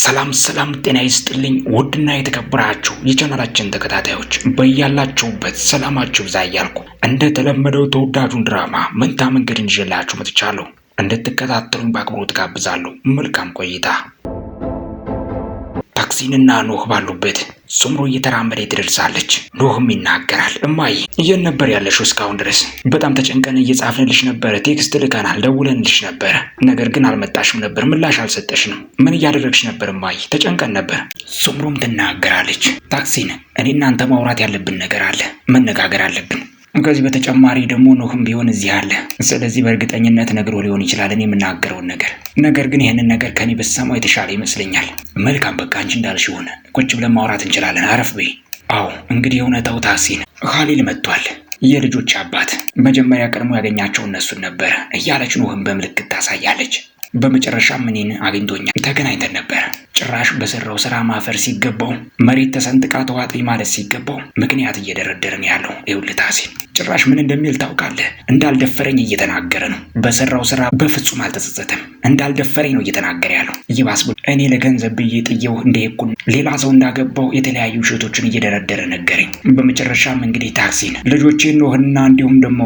ሰላም ሰላም፣ ጤና ይስጥልኝ ውድና የተከበራችሁ የቻናላችን ተከታታዮች በያላችሁበት ሰላማችሁ ብዛ እያልኩ እንደተለመደው ተወዳጁን ድራማ መንታ መንገድ ይዤላችሁ መጥቻለሁ። እንድትከታተሉኝ በአክብሮት ጋብዛለሁ። መልካም ቆይታ አክሲንና ኖህ ባሉበት ሱምሩ እየተራመደ ትደርሳለች። ኖህም ይናገራል። እማዬ የት ነበር ያለሽው እስካሁን ድረስ? በጣም ተጨንቀን እየጻፍንልሽ ነበረ፣ ቴክስት ልከናል፣ ደውለንልሽ ነበረ። ነገር ግን አልመጣሽም ነበር፣ ምላሽ አልሰጠሽንም። ምን እያደረግሽ ነበር እማዬ? ተጨንቀን ነበር። ሱምሩም ትናገራለች። ታክሲን፣ እኔ እናንተ ማውራት ያለብን ነገር አለ፣ መነጋገር አለብን ከዚህ በተጨማሪ ደግሞ ኖህም ቢሆን እዚህ አለ። ስለዚህ በእርግጠኝነት ነግሮ ሊሆን ይችላል እኔ የምናገረውን ነገር። ነገር ግን ይህንን ነገር ከኔ ብትሰማው የተሻለ ይመስለኛል። መልካም፣ በቃ አንቺ እንዳልሽ ሆነ። ቁጭ ብለን ማውራት እንችላለን። አረፍ በይ። አዎ፣ እንግዲህ እውነታው ታሲን ኻሊል መጥቷል። የልጆች አባት መጀመሪያ ቀድሞ ያገኛቸው እነሱን ነበረ እያለች ኖህም በምልክት ታሳያለች። በመጨረሻም እኔን አግኝቶኛል። ተገናኝተን ነበረ ጭራሽ በሰራው ስራ ማፈር ሲገባው መሬት ተሰንጥቃ ተዋጥ ማለት ሲገባው ምክንያት እየደረደረን ያለው። ይኸውልህ ታሲ ጭራሽ ምን እንደሚል ታውቃለህ? እንዳልደፈረኝ እየተናገረ ነው። በሰራው ስራ በፍጹም አልተጸጸተም። እንዳልደፈረኝ ነው እየተናገረ ያለው። ይባስ ብሎ እኔ ለገንዘብ ብዬ ጥየው እንደሄድኩ ሌላ ሰው እንዳገባው የተለያዩ ውሸቶችን እየደረደረ ነገረኝ። በመጨረሻም እንግዲህ ታክሲን፣ ልጆቼን፣ ኖህና እንዲሁም ደግሞ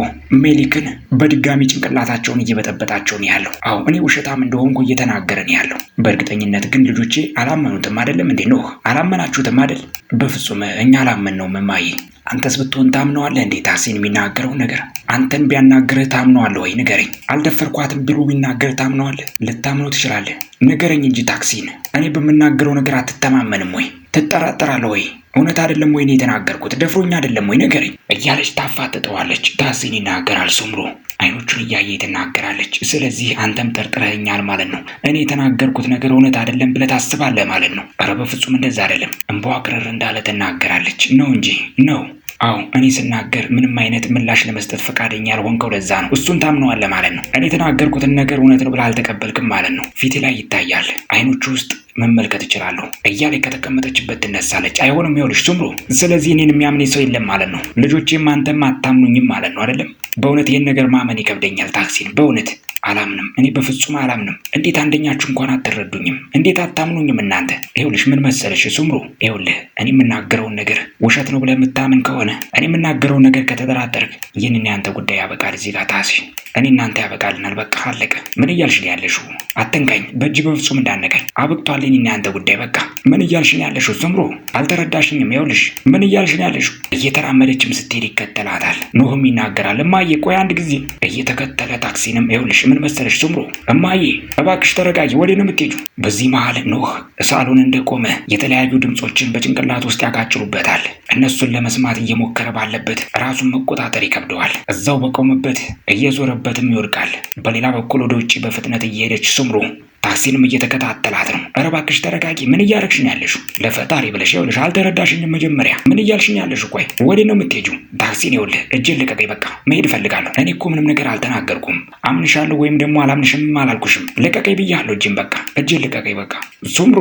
ሜሊክን በድጋሚ ጭንቅላታቸውን እየበጠበጣቸው ያለው። አሁ እኔ ውሸታም እንደሆንኩ እየተናገረ ያለው። በእርግጠኝነት ግን ልጆቼ አላመኑትም አይደለም እንዴ? ኖህ አላመናችሁትም አይደል? በፍጹም እኛ አላመን ነው መማይ። አንተስ ብትሆን ታምነዋለህ እንዴ? ታሲን የሚናገረው ነገር አንተን ቢያናግርህ ታምነዋለህ ወይ? ንገረኝ። አልደፈርኳትም ብሎ ቢናገርህ ታምነዋለህ? ልታምነው ትችላለህ። ንገረኝ እንጂ ታክሲን፣ እኔ በምናገረው ነገር አትተማመንም ወይ? ትጠራጠራለህ ወይ? እውነት አይደለም ወይ እኔ የተናገርኩት? ደፍሮኛ አይደለም ወይ? ንገረኝ እያለች ታፋጥጠዋለች። ታሲን ይናገራል ሱምሩ አይኖቹን እያየ ትናገራለች። ስለዚህ አንተም ጠርጥረኛል ማለት ነው። እኔ የተናገርኩት ነገር እውነት አይደለም ብለህ ታስባለህ ማለት ነው። ኧረ በፍጹም እንደዛ አይደለም። እንባዋ ቅርር እንዳለ ትናገራለች። ነው እንጂ ነው አዎ እኔ ስናገር ምንም አይነት ምላሽ ለመስጠት ፈቃደኛ ያልሆንከው ለዛ ነው። እሱን ታምነዋለህ ማለት ነው። እኔ የተናገርኩትን ነገር እውነት ነው ብለህ አልተቀበልክም ማለት ነው። ፊት ላይ ይታያል፣ አይኖቹ ውስጥ መመልከት ይችላሉ እያለች ከተቀመጠችበት ትነሳለች። አይሆንም፣ ይኸውልሽ ሱምሩ፣ ስለዚህ እኔን የሚያምን ሰው የለም ማለት ነው። ልጆቼም አንተም አታምኑኝም ማለት ነው አይደለም? በእውነት ይህን ነገር ማመን ይከብደኛል ታክሲን በእውነት አላምንም። እኔ በፍጹም አላምንም። እንዴት አንደኛችሁ እንኳን አትረዱኝም? እንዴት አታምኑኝም እናንተ? ይኸውልሽ ምን መሰለሽ ሱምሩ፣ ይኸውልህ እኔ የምናገረውን ነገር ውሸት ነው ብለህ የምታምን ከሆነ እኔ የምናገረውን ነገር ከተጠራጠርክ ይህን ያንተ ጉዳይ ያበቃል። እዚህ ጋር ታሲ እኔ እናንተ ያበቃልናል። በቃ አለቀ። ምን እያልሽ ያለሽ? አተንካኝ በእጅ በፍጹም እንዳነቀኝ አብቅቷል። አለኝ ያንተ ጉዳይ በቃ። ምን እያልሽ ያለሽ ያለሽው? አልተረዳሽኝም። ይኸውልሽ ምን እያልሽ ያለሽ እየተራመደችም ስትሄድ ይከተላታል። ኖህም ይናገራል። እማዬ ቆይ አንድ ጊዜ እየተከተለ ታክሲንም፣ ይኸውልሽ ምን መሰለሽ ዝምሩ፣ እማዬ እባክሽ ተረጋጊ፣ ወዴት ነው በዚህ መሀል ኖህ ሳሎን እንደቆመ የተለያዩ ድምፆችን በጭንቅላት ውስጥ ያጋጭሩበታል። እነሱን ለመስማት እየሞከረ ባለበት ራሱን መቆጣጠር ይከብደዋል። እዛው በቆመበት እየዞረበትም ይወድቃል። በሌላ በኩል ወደ ውጭ በፍጥነት እየሄደች ስምሩ ታክሲንም እየተከታተላት ነው። ኧረ እባክሽ ተረጋጊ። ምን እያረግሽ ነው ያለሽው? ለፈጣሪ ብለሽ ይኸውልሽ፣ አልተረዳሽኝም። መጀመሪያ ምን እያልሽ ነው ያለሽው? ቆይ ወዴት ነው የምትሄጂው? ታክሲን ይኸውልህ፣ እጄን ልቀቀኝ። በቃ መሄድ እፈልጋለሁ። እኔ እኮ ምንም ነገር አልተናገርኩም። አምንሻለሁ ወይም ደግሞ አላምንሽም አላልኩሽም። ልቀቀኝ ብያለሁ። እጅን በቃ እጄን ልቀቀኝ። በቃ ሱምሩ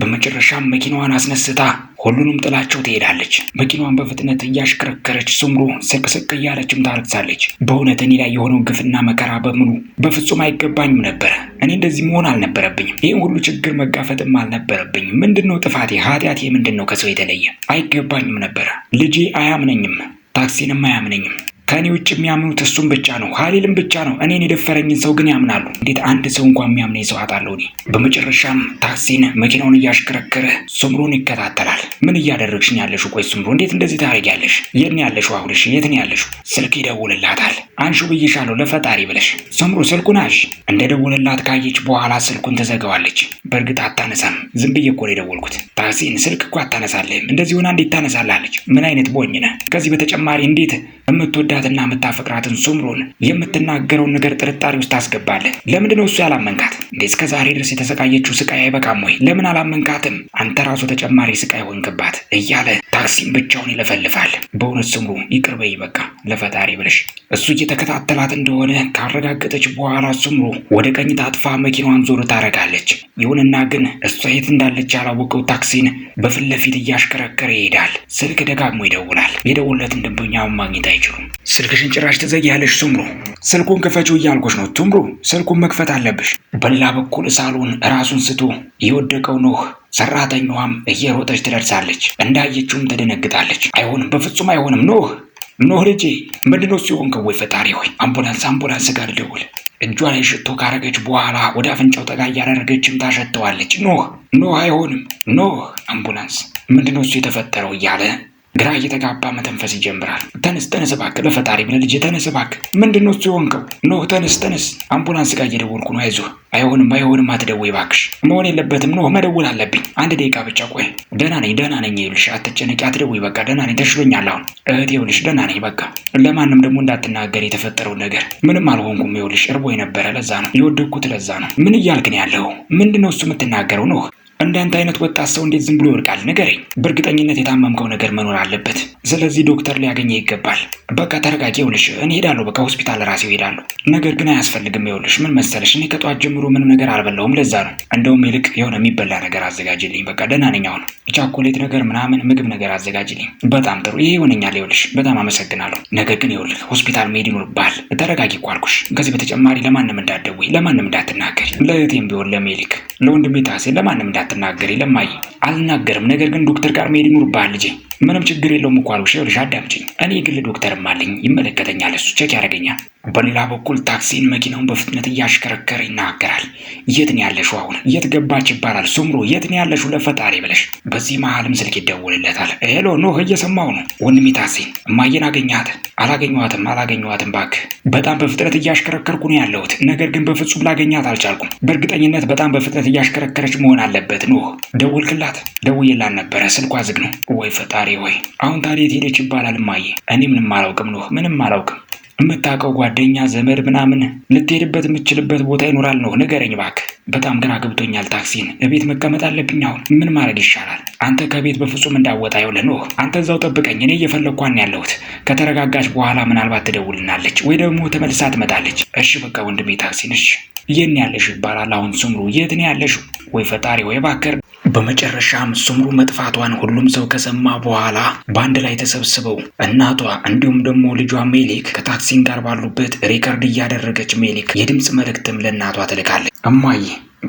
በመጨረሻም መኪናዋን አስነስታ ሁሉንም ጥላቸው ትሄዳለች። መኪናዋን በፍጥነት እያሽከረከረች ስምሩ ስቅስቅ እያለችም ታለቅሳለች። በእውነት እኔ ላይ የሆነው ግፍና መከራ በሙሉ በፍጹም አይገባኝም ነበረ። እኔ እንደዚህ መሆን አልነበረብኝም። ይህም ሁሉ ችግር መጋፈጥም አልነበረብኝም። ምንድን ነው ጥፋቴ? ኃጢአቴ ምንድን ነው? ከሰው የተለየ አይገባኝም ነበረ። ልጄ አያምነኝም፣ ታክሲንም አያምነኝም። ከእኔ ውጭ የሚያምኑት እሱም ብቻ ነው፣ ሀሊልም ብቻ ነው። እኔን የደፈረኝን ሰው ግን ያምናሉ። እንዴት አንድ ሰው እንኳን የሚያምነኝ ሰው አጣለሁ እኔ። በመጨረሻም ታክሲን መኪናውን እያሽከረከረ ሱምሩን ይከታተላል። ምን እያደረግሽኝ ያለሽው? ቆይ ሱምሩ፣ እንዴት እንደዚህ ታደርጊያለሽ? የት ነው ያለሽው? አሁን የት ነው ያለሽው? ስልክ ይደውልላታል። አንሹ ብይሻለሁ፣ ለፈጣሪ ብለሽ። ሱምሩ ስልኩን አሽ እንደ ደውልላት ካየች በኋላ ስልኩን ትዘጋዋለች። በእርግጥ አታነሳም። ዝም ብዬ እኮ ነው የደወልኩት። ታክሲን ስልክ እኮ አታነሳለህም። እንደዚህ ሆና እንዴት ታነሳላለች? ምን አይነት ቦኝ ነህ? ከዚህ በተጨማሪ እንዴት የምትወዳ የምትወዳትና የምታፈቅራትን ሱምሩን የምትናገረውን ነገር ጥርጣሬ ውስጥ ታስገባለህ። ለምንድን ነው እሱ ያላመንካት እንዴ? እስከ ዛሬ ድረስ የተሰቃየችው ስቃይ አይበቃም ወይ? ለምን አላመንካትም? አንተ ራሱ ተጨማሪ ስቃይ ሆንክባት እያለ ታክሲም ብቻውን ይለፈልፋል። በእውነት ስምሩ ይቅርበይ፣ በቃ ለፈጣሪ ብለሽ። እሱ እየተከታተላት እንደሆነ ካረጋገጠች በኋላ ስምሩ ወደ ቀኝ ታጥፋ መኪናዋን ዞር ታደርጋለች። ይሁንና ግን እሷ የት እንዳለች ያላወቀው ታክሲን በፊት ለፊት እያሽከረከረ ይሄዳል። ስልክ ደጋግሞ ይደውላል። የደውለትን ደንበኛውን ማግኘት አይችሉም። ስልክሽን ጭራሽ ትዘጊያለሽ ቱምሩ። ስልኩን ክፈችው እያልኩሽ ነው ቱምሩ። ስልኩን መክፈት አለብሽ። በሌላ በኩል ሳሎን ራሱን ስቶ የወደቀው ኖህ ሰራተኛዋም እየሮጠች ትደርሳለች። እንዳየችውም ተደነግጣለች። አይሆንም፣ በፍጹም አይሆንም። ኖህ ኖህ ልጄ ነው ሲሆን ከወይ ፈጣሪ ሆይ አምቡላንስ አምቡላንስ ጋር ልደውል። እጇ ላይ ሽቶ ካረገች በኋላ ወደ አፍንጫው ጠጋ እያደረገችም ታሸተዋለች። ኖህ ኖህ አይሆንም፣ ኖህ አምቡላንስ ምንድነው እሱ የተፈጠረው እያለ ግራ እየተጋባ መተንፈስ ይጀምራል። ተነስ ተነስ እባክህ፣ በፈጣሪ ብለህ ልጄ ተነስ እባክህ። ምንድን ነው እሱ የሆንከው? ኖ ተነስ ተነስ፣ አምቡላንስ ጋር እየደወልኩ ነው። አይዞህ፣ አይሆንም፣ አይሆንም፣ አትደውይ እባክሽ። መሆን የለበትም። ኖ መደውል አለብኝ። አንድ ደቂቃ ብቻ ቆይ። ደህና ነኝ፣ ደህና ነኝ። ይኸውልሽ፣ አትጨነቂ፣ አትደውይ። በቃ ደህና ነኝ፣ ተሽሎኛል አሁን። እህቴ ይኸውልሽ፣ ደህና ነኝ። በቃ ለማንም ደግሞ እንዳትናገር የተፈጠረውን ነገር። ምንም አልሆንኩም። ይኸውልሽ፣ እርቦ የነበረ ለዛ ነው የወደኩት፣ ለዛ ነው። ምን እያልክ ነው ያለው? ምንድን ነው እሱ የምትናገረው ነው እንዳንተ አይነት ወጣት ሰው እንዴት ዝም ብሎ ይወድቃል? ንገረኝ። በእርግጠኝነት የታመምከው ነገር መኖር አለበት። ስለዚህ ዶክተር ሊያገኘ ይገባል። በቃ ተረጋጊ። ይኸውልሽ እኔ ሄዳለሁ፣ በቃ ሆስፒታል ራሴው ሄዳለሁ። ነገር ግን አያስፈልግም። ይኸውልሽ ምን መሰለሽ፣ እኔ ከጠዋት ጀምሮ ምንም ነገር አልበላሁም። ለዛ ነው። እንደውም ይልቅ የሆነ የሚበላ ነገር አዘጋጅልኝ። በቃ ደህና ነኝ አሁን። ቻኮሌት ነገር ምናምን ምግብ ነገር አዘጋጅልኝ። በጣም ጥሩ፣ ይሄ ይሆነኛል። ይኸውልሽ በጣም አመሰግናለሁ። ነገር ግን ይኸውልህ ሆስፒታል መሄድ ይኖርብሃል። ተረጋጊ እኮ አልኩሽ። ከዚህ በተጨማሪ ለማንም እንዳትደውይ፣ ለማንም እንዳትናገሪ፣ ለእህቴም ቢሆን ለሜሊክ፣ ለወንድሜ ታሴ፣ ለማንም እንዳት እንዳትናገር ለማይ አልናገርም። ነገር ግን ዶክተር ጋር መሄድ ይኑርብሃል ልጄ። ምንም ችግር የለውም እኮ አልኩሽ። ይኸውልሽ አዳምጪኝ። እኔ ግል ዶክተርም አለኝ፣ ይመለከተኛል። እሱ ቼክ ያደርገኛል። በሌላ በኩል ታክሲን መኪናውን በፍጥነት እያሽከረከረ ይናገራል። የት ነው ያለሽው? አሁን የት ገባች ይባላል። ሱምሮ የት ነው ያለሽው? ለፈጣሪ ብለሽ። በዚህ መሀልም ስልክ ይደውልለታል። ሄሎ ኖህ፣ እየሰማው ነው ወንድሜ ታክሲን። እማዬን አገኘሃት? አላገኘኋትም፣ አላገኘኋትም እባክህ። በጣም በፍጥነት እያሽከረከርኩ ነው ያለሁት፣ ነገር ግን በፍጹም ላገኛት አልቻልኩም። በእርግጠኝነት በጣም በፍጥነት እያሽከረከረች መሆን አለበት። ፈጥኖህ ደውልክላት? ደውዬላት ነበረ፣ ስልኳ ዝግ ነው። ወይ ፈጣሪ ወይ! አሁን ታዲያ የት ሄደች ይባላል? እማዬ፣ እኔ ምንም አላውቅም ነው ምንም አላውቅም። የምታውቀው ጓደኛ ዘመድ ምናምን ልትሄድበት የምችልበት ቦታ ይኖራል ነው? ንገረኝ እባክህ። በጣም ግራ ገብቶኛል። ታክሲን እቤት መቀመጥ አለብኝ። አሁን ምን ማድረግ ይሻላል? አንተ ከቤት በፍጹም እንዳወጣ ይኸውልህ ኖህ፣ አንተ እዛው ጠብቀኝ። እኔ እየፈለግኳን ያለሁት ከተረጋጋች በኋላ ምናልባት ትደውልናለች ወይ ደግሞ ተመልሳ ትመጣለች። እሺ በቃ ወንድሜ ታክሲን፣ እሺ የት ያለሽ ይባላል። አሁን ስምሩ የት ነው ወይ ፈጣሪ ወይ ባከር በመጨረሻም ስምሩ መጥፋቷን ሁሉም ሰው ከሰማ በኋላ በአንድ ላይ ተሰብስበው እናቷ እንዲሁም ደግሞ ልጇ ሜሊክ ከታክሲን ጋር ባሉበት ሪከርድ እያደረገች ሜሊክ የድምፅ መልእክትም ለእናቷ ትልካለች። እማዬ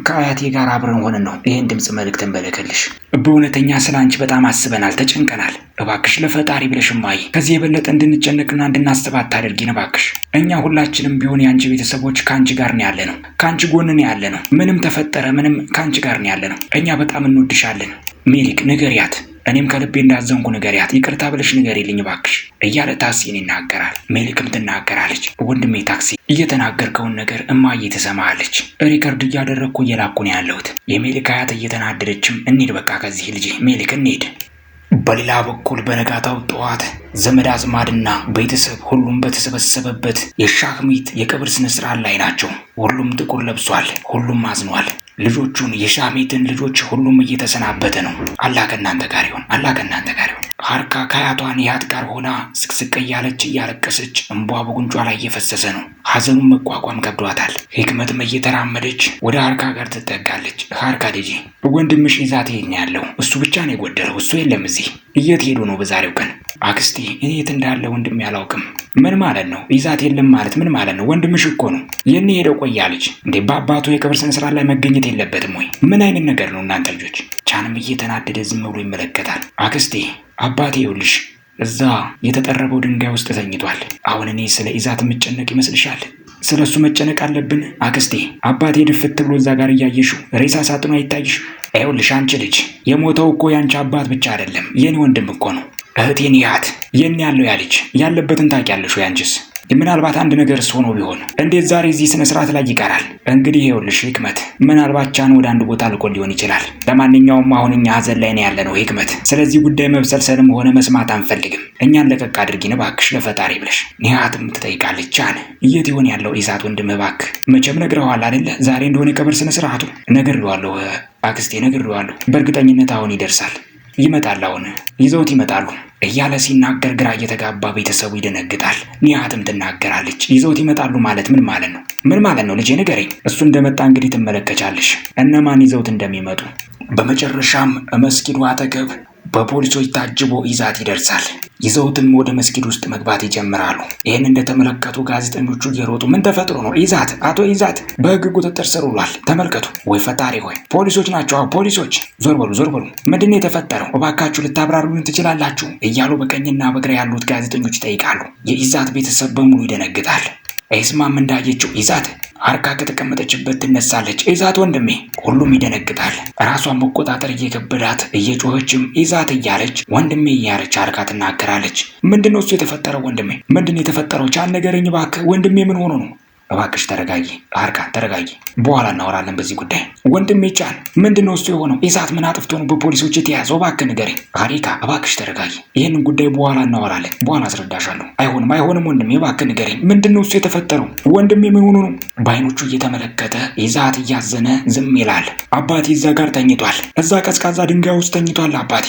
ከአያቴ ጋር አብረን ሆነን ነው ይህን ድምፅ መልክት እንበለከልሽ። በእውነተኛ ስለ አንቺ በጣም አስበናል፣ ተጨንቀናል። እባክሽ ለፈጣሪ ብለሽ ማይ ከዚህ የበለጠ እንድንጨነቅና እንድናስብ አታደርጊን እባክሽ። እኛ ሁላችንም ቢሆን የአንቺ ቤተሰቦች ከአንቺ ጋር ነው ያለ ነው፣ ከአንቺ ጎን ነው ያለ ነው። ምንም ተፈጠረ ምንም ከአንቺ ጋር ነው ያለ ነው። እኛ በጣም እንወድሻለን። ሜሊክ ንገሪያት እኔም ከልቤ እንዳዘንኩ ንገሪያት፣ ይቅርታ ብለሽ ንገሪልኝ ባክሽ እያለ ታክሲን ይናገራል። ሜሊክም ትናገራለች። ወንድሜ ታክሲ፣ እየተናገርከውን ነገር እማዬ ትሰማለች። ሪከርድ እያደረግኩ እየላኩ ነው ያለሁት። የሜሊክ አያት እየተናደደችም፣ እንሂድ በቃ ከዚህ ልጅ ሜሊክ እንሂድ። በሌላ በኩል በነጋታው ጠዋት ዘመድ አዝማድና ቤተሰብ ሁሉም በተሰበሰበበት የሻክሚት የቀብር ስነ ላይ ናቸው። ሁሉም ጥቁር ለብሷል። ሁሉም አዝኗል። ልጆቹን የሻሜትን ልጆች ሁሉም እየተሰናበተ ነው። አላህ ከእናንተ ጋር ይሁን። አላህ ከእናንተ ጋር ይሁን። ሀርካ ከአያቷ ኒያት ጋር ሆና ስቅስቅ እያለች እያለቀሰች እንቧ በጉንጯ ላይ እየፈሰሰ ነው። ሀዘኑን መቋቋም ከብዷታል። ህክመትም እየተራመደች ወደ ሀርካ ጋር ትጠጋለች። ሀርካ ልጄ ወንድምሽ ይዛ ትሄድ ያለው። እሱ ብቻ ነው የጎደለው። እሱ የለም እዚህ። እየት ሄዶ ነው በዛሬው ቀን? አክስቴ እኔ የት እንዳለ ወንድም ያላውቅም? ምን ማለት ነው? ይዛት የለም ማለት ምን ማለት ነው? ወንድምሽ እኮ ነው የኔ ሄደው ቆያለች። እንዴ በአባቱ የቀብር ስነስርዓት ላይ መገኘት የለበትም ወይ? ምን አይነት ነገር ነው እናንተ ልጆች? ቻንም እየተናደደ ዝም ብሎ ይመለከታል። አክስቴ አባቴ ይኸውልሽ እዛ የተጠረበው ድንጋይ ውስጥ ተኝቷል። አሁን እኔ ስለ ኢዛት የምጨነቅ ይመስልሻል? ስለ እሱ መጨነቅ አለብን አክስቴ። አባቴ ድፍት ብሎ እዛ ጋር እያየሽው ሬሳ ሳጥኑ አይታይሽ? ይኸውልሽ አንቺ ልጅ የሞተው እኮ ያንቺ አባት ብቻ አይደለም፣ የኔ ወንድም እኮ ነው። እህቴን ያት የኔ ያለው ያ ልጅ ያለበትን ታውቂያለሽ? ያንቺስ ምናልባት አንድ ነገር እሱ ሆኖ ቢሆን እንዴት ዛሬ እዚህ ስነ ስርዓት ላይ ይቀራል? እንግዲህ ይኸውልሽ ህክመት፣ ምናልባት ቻን ወደ አንድ ቦታ ልቆ ሊሆን ይችላል። ለማንኛውም አሁን እኛ ሀዘን ላይ ነው ያለነው ህክመት። ስለዚህ ጉዳይ መብሰልሰልም ሆነ መስማት አንፈልግም። እኛን ለቀቅ አድርጊ እባክሽ ለፈጣሪ ብለሽ። ኒሃትም ትጠይቃለች ቻን እየት ይሆን ያለው ኢሳት ወንድም እባክህ። መቼም ነግረዋል አደለ? ዛሬ እንደሆነ የቀብር ስነ ስርዓቱ ነግሬዋለሁ፣ አክስቴ ነግሬዋለሁ። በእርግጠኝነት አሁን ይደርሳል። ይመጣል፣ አሁን ይዘውት ይመጣሉ። እያለ ሲናገር ግራ እየተጋባ ቤተሰቡ ይደነግጣል። ኒያትም ትናገራለች። ይዘውት ይመጣሉ ማለት ምን ማለት ነው? ምን ማለት ነው? ልጄ ንገረኝ። እሱ እንደመጣ እንግዲህ ትመለከቻለሽ እነማን ይዘውት እንደሚመጡ። በመጨረሻም መስጊዱ አጠገብ በፖሊሶች ታጅቦ ይዛት ይደርሳል። ይዘውትም ወደ መስጊድ ውስጥ መግባት ይጀምራሉ። ይህን እንደተመለከቱ ጋዜጠኞቹ እየሮጡ ምን ተፈጥሮ ነው? ይዛት አቶ ይዛት በህግ ቁጥጥር ስር ውሏል። ተመልከቱ። ወይ ፈጣሪ ሆይ ፖሊሶች ናቸው። አዎ ፖሊሶች። ዞር በሉ ዞር በሉ። ምንድን ነው የተፈጠረው? እባካችሁ ልታብራሩን ትችላላችሁ? እያሉ በቀኝና በግራ ያሉት ጋዜጠኞች ይጠይቃሉ። የኢዛት ቤተሰብ በሙሉ ይደነግጣል። ኤስማም እንዳየችው ኢዛት አርካ ከተቀመጠችበት ትነሳለች። ኢዛት ወንድሜ፣ ሁሉም ይደነግጣል። ራሷን መቆጣጠር እየከበዳት እየጮኸችም ኢዛት እያለች ወንድሜ እያለች አርካ ትናገራለች። ነው እሱ የተፈጠረው? ወንድሜ ምንድን የተፈጠረው? ቻን ነገረኝ እባክህ ወንድሜ፣ ምን ሆኖ ነው? እባክሽ ተረጋጊ አርካን፣ ተረጋጊ። በኋላ እናወራለን በዚህ ጉዳይ። ወንድሜ ይቻል ምንድን ነው እሱ የሆነው? ኢሳት ምን አጥፍቶ ነው በፖሊሶች የተያዘው? እባክህ ንገረኝ። ሀሪካ፣ እባክሽ ተረጋጊ። ይህንን ጉዳይ በኋላ እናወራለን፣ በኋላ አስረዳሻለሁ። አይሆንም፣ አይሆንም ወንድሜ፣ እባክህ ንገረኝ። ምንድን ነው እሱ የተፈጠረው? ወንድሜ የሚሆኑ ነው? በአይኖቹ እየተመለከተ ኢሳት እያዘነ ዝም ይላል። አባቴ እዛ ጋር ተኝቷል፣ እዛ ቀዝቃዛ ድንጋይ ውስጥ ተኝቷል አባቴ።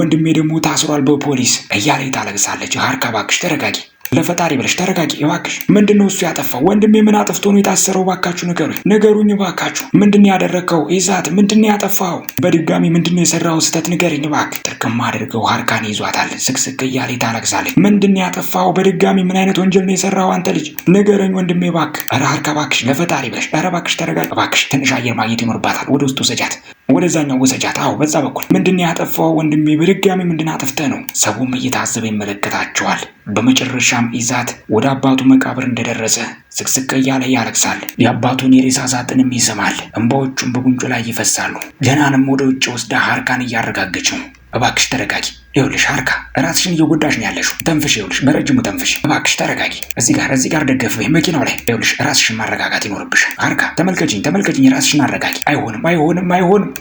ወንድሜ ደግሞ ታስሯል በፖሊስ እያለ ታለቅሳለች። ሀርካ፣ እባክሽ ተረጋጊ። ለፈጣሪ ብለሽ ተረጋጊ እባክሽ። ምንድነው እሱ ያጠፋው? ወንድሜ ምን አጥፍቶ ነው የታሰረው? እባካችሁ ንገሩኝ፣ ንገሩኝ እባካችሁ። ምንድን ያደረግከው ይዛት? ምንድን ያጠፋው? በድጋሚ ምንድን የሰራው ስህተት ንገሪኝ እባክህ። ጥርቅም አድርገው ሀርካን ይዟታል። ስቅስቅ እያለ ታለቅሳለች። ምንድን ያጠፋው? በድጋሚ ምን አይነት ወንጀል ነው የሰራው? አንተ ልጅ ንገረኝ ወንድሜ ባክ። ኧረ ሀርካ ለፈጣሪ ብለሽ ኧረ ባክሽ፣ ተረጋጊ እባክሽ። ትንሽ አየር ማግኘት ይኖርባታል። ወደ ውስጥ ውሰጃት፣ ወደዛኛው ውሰጃት። አዎ በዛ በኩል ምንድን ያጠፋው ወንድሜ? በድጋሚ ምንድን አጥፍተህ ነው? ሰቡም እየታዘበ ይመለከታቸዋል። በመጨረሻም ይዛት ወደ አባቱ መቃብር እንደደረሰ ዝቅዝቅ እያለ ያለቅሳል። የአባቱን የሬሳ ሳጥንም ይስማል እንባዎቹም በጉንጩ ላይ ይፈሳሉ። ገናንም ወደ ውጭ ወስዳ ሀርካን እያረጋገችው፣ እባክሽ ተረጋጊ። ይኸውልሽ ሀርካ ራስሽን እየጎዳሽ ነው ያለሽ። ተንፍሽ፣ ይኸውልሽ በረጅሙ ተንፍሽ። እባክሽ ተረጋጊ። እዚህ ጋር እዚህ ጋር ደገፍ ወይ መኪናው ላይ። ይኸውልሽ ራስሽን ማረጋጋት ይኖርብሻል። ሀርካ ተመልከችኝ፣ ተመልከችኝ፣ ራስሽን አረጋጊ። አይሆንም፣ አይሆንም፣ አይሆንም።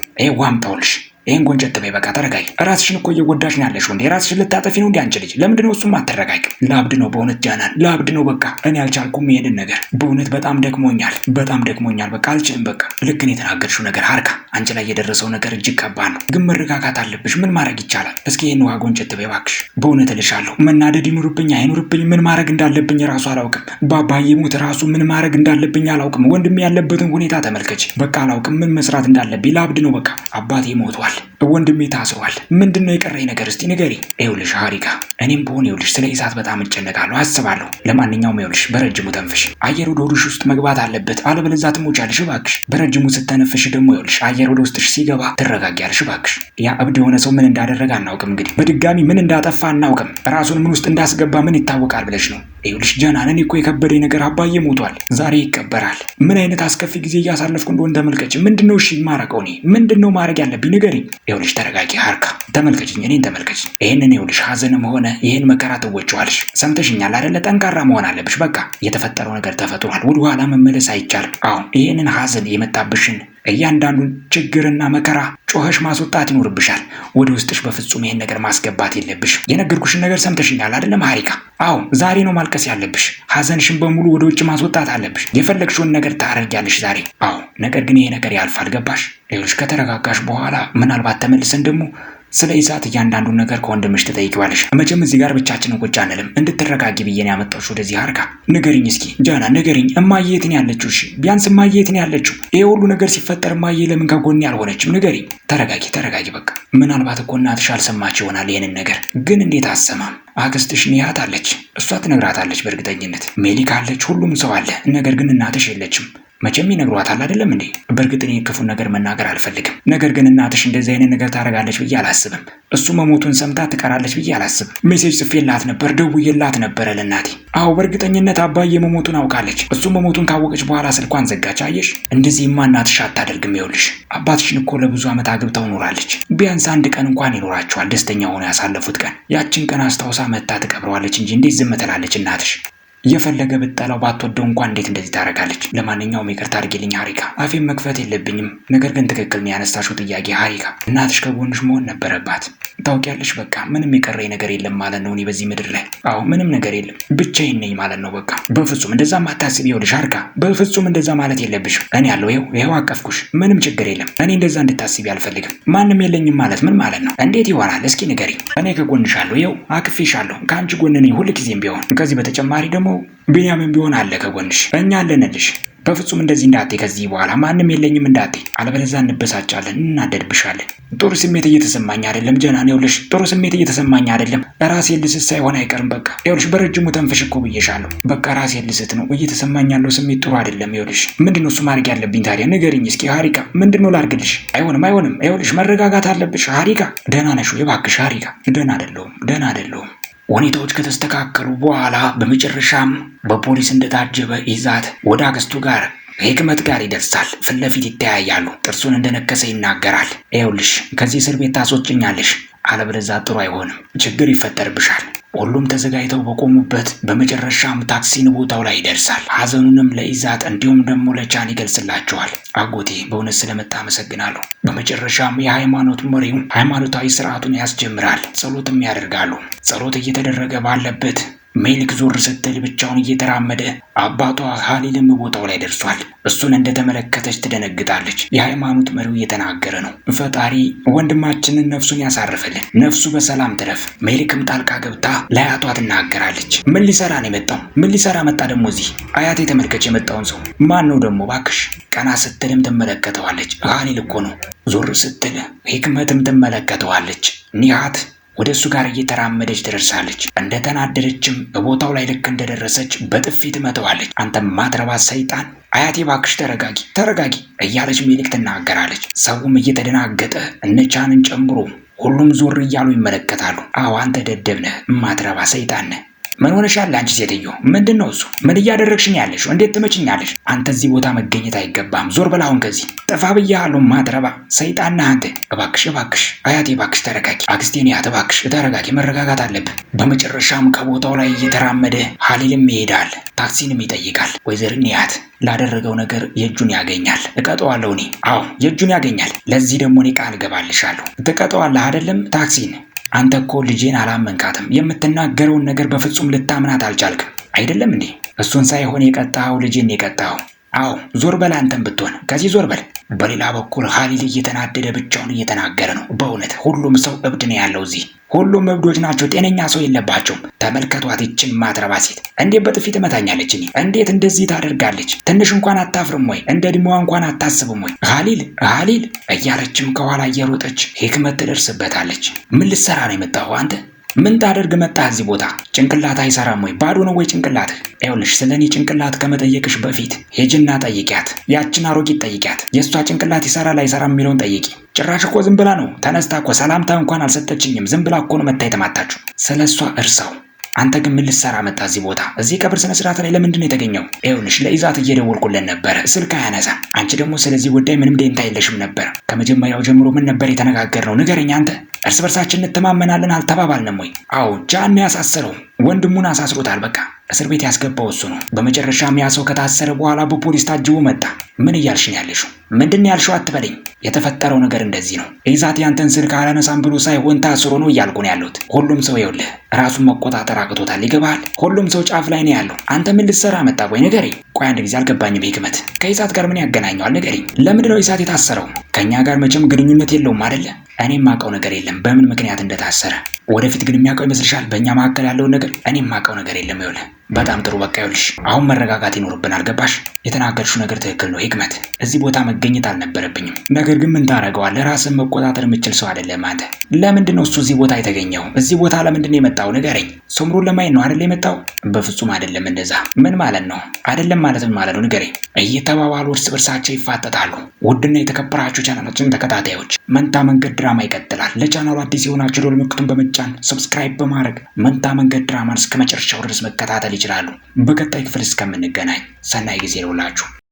ዋምጣውልሽ ይህን ጎንጨት በይ፣ በቃ ተረጋጊ። ራስሽን እኮ እየጎዳሽ ነው ያለሽ እንዴ! ራስሽን ልታጠፊ ነው እንዴ አንቺ ልጅ? ለምንድን ነው እሱም አትረጋጊም? ለአብድ ነው በእውነት ጃናን፣ ለአብድ ነው በቃ። እኔ አልቻልኩም ይሄንን ነገር በእውነት በጣም ደክሞኛል፣ በጣም ደክሞኛል። በቃ አልችልም። በቃ ልክ ነው የተናገርሽው ነገር አርካ። አንቺ ላይ የደረሰው ነገር እጅግ ከባድ ነው፣ ግን መረጋጋት አለብሽ። ምን ማድረግ ይቻላል? እስኪ ይህን ውሃ ጎንጨት በይ እባክሽ። በእውነት እልሻለሁ መናደድ ይኑርብኝ አይኑርብኝ፣ ምን ማድረግ እንዳለብኝ ራሱ አላውቅም። በአባዬ ሞት ራሱ ምን ማድረግ እንዳለብኝ አላውቅም። ወንድሜ ያለበትን ሁኔታ ተመልከች። በቃ አላውቅም ምን መስራት እንዳለብኝ። ለአብድ ነው በቃ አባቴ ሞቷል። ታስሯል፣ ወንድሜ ታስሯል። ምንድን ነው የቀረኝ ነገር እስቲ ንገሪ። ይኸውልሽ ሀሪካ፣ እኔም በሆን ይኸውልሽ ስለ ኢሳት በጣም እጨነቃለሁ፣ አስባለሁ። ለማንኛውም ይኸውልሽ በረጅሙ ተንፍሽ፣ አየር ወደ ሆድሽ ውስጥ መግባት አለበት፣ አለበለዚያ ትሞቻለሽ። እባክሽ በረጅሙ ስተነፍሽ ደግሞ ይኸውልሽ አየር ወደ ውስጥሽ ሲገባ ትረጋጊያለሽ። እባክሽ ያ እብድ የሆነ ሰው ምን እንዳደረገ አናውቅም፣ እንግዲህ በድጋሚ ምን እንዳጠፋ አናውቅም። ራሱን ምን ውስጥ እንዳስገባ ምን ይታወቃል ብለሽ ነው። ይኸውልሽ ጀናንን እኮ የከበደ ነገር አባዬ ሞቷል፣ ዛሬ ይቀበራል። ምን አይነት አስከፊ ጊዜ እያሳለፍኩ እንደሆን ተመልከች። ምንድነው እሺ የማረገው እኔ? ምንድነው ማድረግ ያለብኝ ንገሪ። ይኸውልሽ ተረጋጊ አርካ፣ ተመልከችኝ፣ እኔን ተመልከች። ይህንን ይኸውልሽ ሀዘንም ሆነ ይህን መከራ ትወጪዋለሽ። ሰምተሽኛል አደለ? ጠንካራ መሆን አለብሽ። በቃ የተፈጠረው ነገር ተፈጥሯል። ወደኋላ መመለስ አይቻልም። አሁን ይህንን ሀዘን የመጣብሽን እያንዳንዱን ችግርና መከራ ጮኸሽ ማስወጣት ይኖርብሻል። ወደ ውስጥሽ በፍጹም ይሄን ነገር ማስገባት የለብሽ። የነገርኩሽን ነገር ሰምተሽኛል አይደለም ሀሪካ? አዎ፣ ዛሬ ነው ማልቀስ ያለብሽ። ሀዘንሽን በሙሉ ወደ ውጭ ማስወጣት አለብሽ። የፈለግሽውን ነገር ታደርጊያለሽ ዛሬ። አዎ፣ ነገር ግን ይሄ ነገር ያልፋል። ገባሽ? ሌሎች ከተረጋጋሽ በኋላ ምናልባት ተመልሰን ደግሞ ስለ ይዛት እያንዳንዱ ነገር ከወንድምሽ ትጠይቂዋለሽ። መቼም እዚህ ጋር ብቻችንን ቁጭ አንልም። እንድትረጋጊ ብዬን ያመጣሁሽ ወደዚህ አርጋ። ንገሪኝ እስኪ ጃና፣ ንገሪኝ እማዬ የት ነው ያለችው? እሺ ቢያንስ እማዬ የት ነው ያለችው? ይሄ ሁሉ ነገር ሲፈጠር እማዬ ለምን ከጎኔ አልሆነችም? ንገሪኝ። ተረጋጊ፣ ተረጋጊ በቃ። ምናልባት እኮ እናትሽ አልሰማች ይሆናል ይህንን ነገር፣ ግን እንዴት አሰማም አክስትሽ ኒያት አለች። እሷ ትነግራታለች በእርግጠኝነት። ሜሊ ካለች ሁሉም ሰው አለ። ነገር ግን እናትሽ የለችም። መቼም ይነግሯታል አይደለም እንዴ? በእርግጥ እኔ ክፉን ነገር መናገር አልፈልግም፣ ነገር ግን እናትሽ እንደዚህ አይነት ነገር ታደርጋለች ብዬ አላስብም። እሱ መሞቱን ሰምታ ትቀራለች ብዬ አላስብም። ሜሴጅ ጽፌላት ነበር፣ ደውዬላት ነበረ ለእናቴ። አዎ በእርግጠኝነት አባዬ መሞቱን አውቃለች። እሱ መሞቱን ካወቀች በኋላ ስልኳን ዘጋች። አየሽ፣ እንደዚህማ እናትሽ አታደርግም። ይኸውልሽ አባትሽን እኮ ለብዙ ዓመት አግብተው ኖራለች። ቢያንስ አንድ ቀን እንኳን ይኖራቸዋል ደስተኛ ሆነ ያሳለፉት ቀን። ያችን ቀን አስታውሳ መታ ትቀብረዋለች እንጂ እንዴት ዝም ትላለች እናትሽ? እየፈለገ ብጠላው ባትወደው እንኳን እንዴት እንደዚህ ታደርጋለች? ለማንኛውም ይቅርታ አድርጊልኝ ሀሪካ። አፌን መክፈት የለብኝም ነገር ግን ትክክል ነው ያነሳሽው ጥያቄ ሀሪካ። እናትሽ ከጎንሽ መሆን ነበረባት። ታውቂያለሽ፣ በቃ ምንም የቀረኝ ነገር የለም ማለት ነው እኔ በዚህ ምድር ላይ። አዎ ምንም ነገር የለም ብቻዬን ነኝ ማለት ነው በቃ። በፍጹም እንደዛ ማታስብ ይኸውልሽ ሀሪካ፣ በፍጹም እንደዛ ማለት የለብሽም። እኔ ያለው ይኸው ይኸው አቀፍኩሽ፣ ምንም ችግር የለም። እኔ እንደዛ እንድታስቢ አልፈልግም። ማንም የለኝም ማለት ምን ማለት ነው? እንዴት ይሆናል? እስኪ ንገሪኝ። እኔ ከጎንሻለሁ፣ ይኸው አቅፌሻለሁ፣ ከአንቺ ጎን ነኝ ሁልጊዜም ቢሆን። ከዚህ በተጨማሪ ደግሞ ቢንያምን ቢሆን አለ ከጎንሽ፣ እኛ አለንልሽ። በፍጹም እንደዚህ እንዳቴ ከዚህ በኋላ ማንም የለኝም እንዳቴ አለበለዚያ እንበሳጫለን፣ እናደድብሻለን። ጥሩ ስሜት እየተሰማኝ አይደለም ጀናን፣ ይኸውልሽ፣ ጥሩ ስሜት እየተሰማኝ አይደለም። ራሴ ልስት ሳይሆን አይቀርም። በቃ ይኸውልሽ፣ በረጅሙ ተንፈሽ እኮ ብዬሻለሁ። በቃ ራሴ ልስት ነው እየተሰማኝ ያለው ስሜት ጥሩ አይደለም። ይኸውልሽ፣ ምንድን ነው እሱ ማድረግ ያለብኝ ታዲያ? ንገሪኝ እስኪ ሀሪካ፣ ምንድን ነው ላድርግልሽ? አይሆንም፣ አይሆንም። ይኸውልሽ፣ መረጋጋት አለብሽ ሀሪካ። ደህና ነሽ እባክሽ ሀሪካ። ደህና አይደለሁም፣ ደህና አይደለሁም ሁኔታዎች ከተስተካከሉ በኋላ በመጨረሻም በፖሊስ እንደታጀበ ይዛት ወደ አክስቱ ጋር ህክመት ጋር ይደርሳል። ፊት ለፊት ይተያያሉ። ጥርሱን እንደነከሰ ይናገራል። ይኸውልሽ ከዚህ እስር ቤት ታስወጭኛለሽ፣ አለበለዚያ ጥሩ አይሆንም፣ ችግር ይፈጠርብሻል። ሁሉም ተዘጋጅተው በቆሙበት በመጨረሻም ታክሲን ቦታው ላይ ይደርሳል። ሀዘኑንም ለኢዛት እንዲሁም ደግሞ ለቻን ይገልጽላቸዋል። አጎቴ በእውነት ስለመጣ አመሰግናለሁ። በመጨረሻም የሃይማኖት መሪው ሃይማኖታዊ ስርዓቱን ያስጀምራል። ጸሎትም ያደርጋሉ። ጸሎት እየተደረገ ባለበት ሜሊክ ዞር ስትል ብቻውን እየተራመደ አባቷ ሀሊልም ቦታው ላይ ደርሷል። እሱን እንደተመለከተች ትደነግጣለች። የሃይማኖት መሪው እየተናገረ ነው። ፈጣሪ ወንድማችንን ነፍሱን ያሳርፍልን፣ ነፍሱ በሰላም ትረፍ። ሜሊክም ጣልቃ ገብታ ለአያቷ ትናገራለች። ምን ሊሰራ ነው የመጣው? ምን ሊሰራ መጣ ደግሞ እዚህ? አያቴ ተመልከች፣ የመጣውን ሰው ማን ነው ደግሞ ባክሽ? ቀና ስትልም ትመለከተዋለች። ሀሊል እኮ ነው። ዞር ስትል ሂክመትም ትመለከተዋለች። ኒሃት ወደ እሱ ጋር እየተራመደች ትደርሳለች። እንደተናደደችም በቦታው ላይ ልክ እንደደረሰች በጥፊ ትመተዋለች። አንተ ማትረባ ሰይጣን፣ አያቴ ባክሽ ተረጋጊ፣ ተረጋጊ እያለች ሜሊክ ትናገራለች። ሰውም እየተደናገጠ እነቻንን ጨምሮ ሁሉም ዞር እያሉ ይመለከታሉ። አዎ አንተ ደደብ ነህ፣ ማትረባ ሰይጣን ነህ ምን ሆነሻል አንቺ ሴትዮ? ምንድን ነው እሱ? ምን እያደረግሽኝ ያለሽ? እንዴት ትመችኛለሽ? አንተ እዚህ ቦታ መገኘት አይገባም። ዞር በል አሁን ከዚህ ጠፋ ብያለሁ። ማትረባ ሰይጣና አንተ። እባክሽ እባክሽ አያቴ እባክሽ ተረጋጊ። አክስቴን ያት እባክሽ ተረጋጊ። መረጋጋት አለብን። በመጨረሻም ከቦታው ላይ እየተራመደ ሀሊልም ይሄዳል። ታክሲንም ይጠይቃል። ወይዘርን ያት ላደረገው ነገር የእጁን ያገኛል። እቀጠዋለሁ እኔ። አዎ የእጁን ያገኛል። ለዚህ ደግሞ እኔ ቃል እገባልሻለሁ። ትቀጠዋለህ አይደለም ታክሲን አንተ እኮ ልጄን አላመንካትም። የምትናገረውን ነገር በፍጹም ልታምናት አልቻልክም አይደለም እንዴ? እሱን ሳይሆን የቀጣኸው ልጄን የቀጣኸው። አዎ ዞር በል አንተም ብትሆን ከዚህ ዞር በል። በሌላ በኩል ሀሊል እየተናደደ ብቻውን እየተናገረ ነው። በእውነት ሁሉም ሰው እብድ ነው ያለው እዚህ። ሁሉም እብዶች ናቸው። ጤነኛ ሰው የለባቸውም። ተመልከቷት፣ ይችን ማትረባ ሴት እንዴት በጥፊ ትመታኛለች? እኔ እንዴት እንደዚህ ታደርጋለች? ትንሽ እንኳን አታፍርም ወይ? እንደ እድሜዋ እንኳን አታስብም ወይ? ሀሊል ሀሊል እያለችም ከኋላ እየሮጠች ህክመት ትደርስበታለች። ምን ልትሰራ ነው የመጣሁ አንተ ምን ታደርግ መጣህ እዚህ ቦታ? ጭንቅላት አይሰራም ወይ? ባዶ ነው ወይ ጭንቅላትህ? ይኸውልሽ ስለ እኔ ጭንቅላት ከመጠየቅሽ በፊት ሄጅና ጠይቂያት፣ ያችን አሮጊት ጠይቂያት። የእሷ ጭንቅላት ይሰራል አይሰራም የሚለውን ጠይቂ። ጭራሽ እኮ ዝም ብላ ነው ተነስታ እኮ ሰላምታ እንኳን አልሰጠችኝም። ዝም ብላ እኮ ነው መታ የተማታችሁ። ስለ እሷ እርሳው። አንተ ግን ምን ልትሰራ መጣ እዚህ ቦታ? እዚህ ቀብር ስነ ስርዓት ላይ ለምንድን ነው የተገኘው? ይኸውልሽ ለኢዛት እየደወልኩለት ነበረ ስልክ አያነሳ። አንቺ ደግሞ ስለዚህ ጉዳይ ምንም ደንታ የለሽም ነበር። ከመጀመሪያው ጀምሮ ምን ነበር የተነጋገርነው? ንገረኝ አንተ እርስ በርሳችን እንተማመናለን አልተባባልንም ወይ? አዎ፣ ጃን ያሳሰረው ወንድሙን አሳስሮታል። በቃ እስር ቤት ያስገባው እሱ ነው። በመጨረሻም ያ ሰው ከታሰረ በኋላ በፖሊስ ታጅቦ መጣ። ምን እያልሽን ያለሽው? ምንድን ያልሽው አትበለኝ። የተፈጠረው ነገር እንደዚህ ነው። ኢሳት ያንተን ስልክ አላነሳም ብሎ ሳይሆን ታስሮ ነው እያልኩ ነው ያለሁት። ሁሉም ሰው ይኸውልህ ራሱን መቆጣጠር አቅቶታል። ይገባሃል? ሁሉም ሰው ጫፍ ላይ ነው ያለው። አንተ ምን ልትሰራ መጣ? ቆይ ንገረኝ። ቆይ አንድ ጊዜ አልገባኝም። ህክመት ከኢሳት ጋር ምን ያገናኘዋል? ንገረኝ። ለምንድን ነው የታሰረው? ከእኛ ጋር መቼም ግንኙነት የለውም አይደለ? እኔ የማውቀው ነገር የለም በምን ምክንያት እንደታሰረ። ወደፊት ግን የሚያውቀው ይመስልሻል? በእኛ መካከል ያለውን ነገር እኔ የማውቀው ነገር የለም ይኸውልህ በጣም ጥሩ በቃ ይኸውልሽ፣ አሁን መረጋጋት ይኖርብናል። ገባሽ? የተናገርሽው ነገር ትክክል ነው ህክመት። እዚህ ቦታ መገኘት አልነበረብኝም። ነገር ግን ምን ታደርገዋለህ? ራስን መቆጣጠር የምችል ሰው አይደለም አንተ። ለምንድን ነው እሱ እዚህ ቦታ የተገኘው? እዚህ ቦታ ለምንድን ነው የመጣው? ንገረኝ። ስምሩን ለማየት ነው አይደል የመጣው? በፍጹም አይደለም። እንደዛ ምን ማለት ነው? አይደለም ማለት ምን ማለት ነው? ንገረኝ። እየተባባሉ እርስ በርሳቸው ይፋጠጣሉ። ውድና የተከበራችሁ ቻናላችን ተከታታዮች መንታ መንገድ ድራማ ይቀጥላል። ለቻናሉ አዲስ የሆናችሁ ደወል ምልክቱን በመጫን ሰብስክራይብ በማድረግ መንታ መንገድ ድራማን እስከ መጨረሻው ድረስ መከታተል ይችላሉ። በቀጣይ ክፍል እስከምንገናኝ ሰናይ ጊዜ ይውላችሁ።